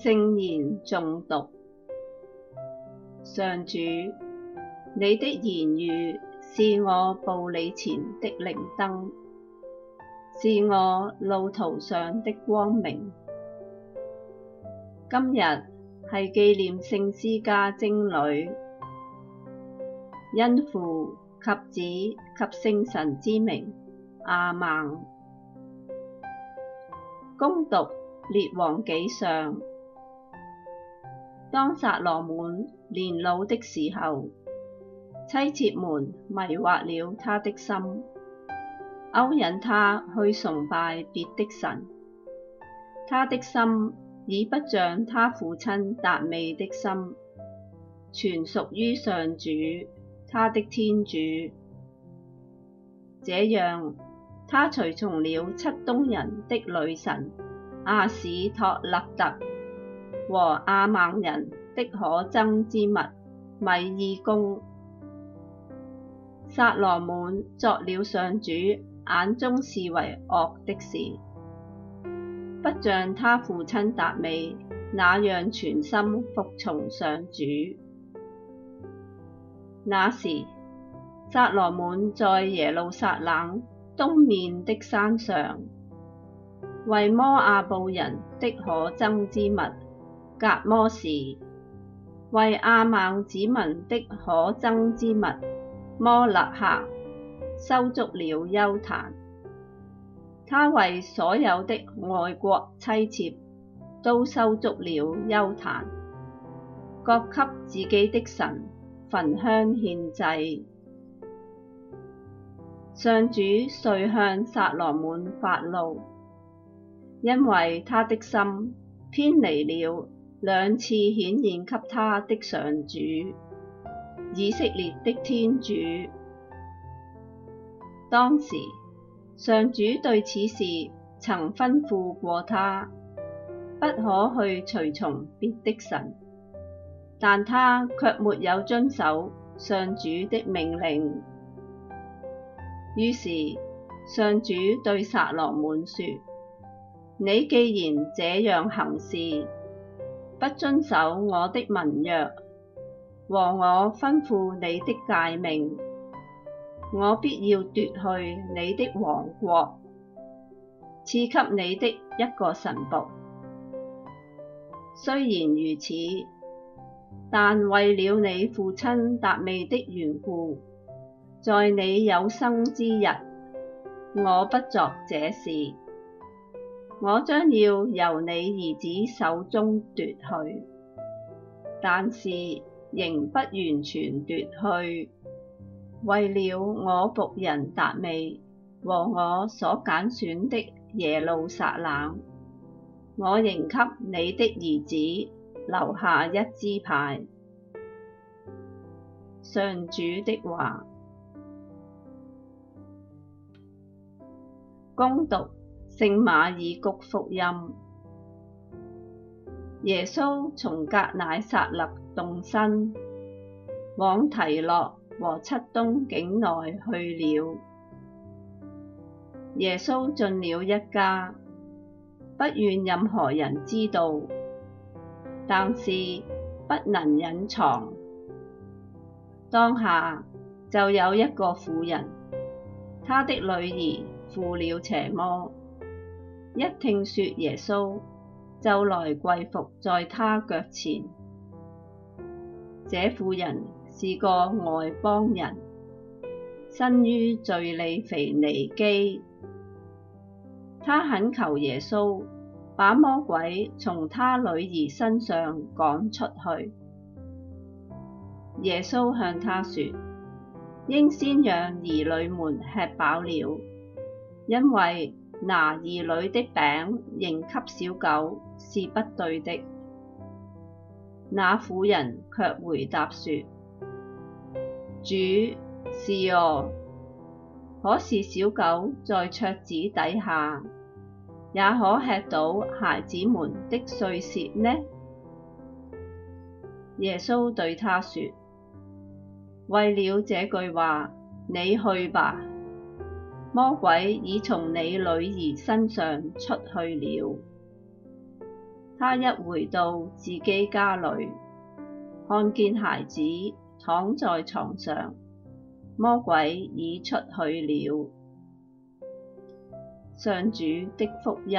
聖言誦讀，上主，你的言語是我步履前的靈燈，是我路途上的光明。今日係紀念聖思嘉貞女，因父及子及聖神之名，阿孟。恭讀列王紀上。當撒羅滿年老的時候，妻妾們迷惑了他的心，勾引他去崇拜別的神。他的心已不像他父親達味的心，全屬於上主，他的天主。這樣，他隨從了漆冬人的女神阿巿托勒特。和阿孟人的可憎之物米耳公。撒羅滿作了上主眼中視為惡的事，不像他父親達味那樣全心服從上主。那時，撒羅滿在耶路撒冷東面的山上，為摩阿布人的可憎之物。革摩士為阿孟子民的可憎之物，摩肋客修築了丘壇，他為所有的外國妻妾都修築了丘壇，各給自己的神焚香獻祭。上主遂向撒羅滿發怒，因為他的心偏離了。兩次顯現給他的上主，以色列的天主。當時，上主對此事曾吩咐過他，不可去隨從別的神，但他卻沒有遵守上主的命令。於是，上主對撒羅滿說：「你既然這樣行事，不遵守我的盟約，和我吩咐你的誡命，我必要奪去你的王國，賜給你的一個臣僕。雖然如此，但為了你父親達味的緣故，在你有生之日，我不作這事。我將要由你兒子手中奪去，但是仍不完全奪去。為了我僕人達味和我所揀選的耶路撒冷，我仍給你的兒子留下一支派。上主的話，恭讀。聖馬爾谷福音：耶穌從革乃撒勒動身，往提洛和漆冬境內去了。耶穌進了一家，不願任何人知道，但是不能隱藏。當下就有一個婦人，她的女兒附了邪魔。一聽說耶穌，就來跪伏在他腳前。這婦人是個外邦人，生於敍利腓尼基。她懇求耶穌把魔鬼從她女兒身上趕出去。耶穌向她說：應先讓兒女們吃飽了，因為，拿兒女的餅扔給小狗是不對的。那婦人卻回答說：主，是哦，可是小狗在桌子底下，也可吃到孩子們的碎屑呢。耶穌對她說：為了這句話，你去吧。魔鬼已從你女兒身上出去了。她一回到自己家裏，看見孩子躺在床上，魔鬼已出去了。上主的福音。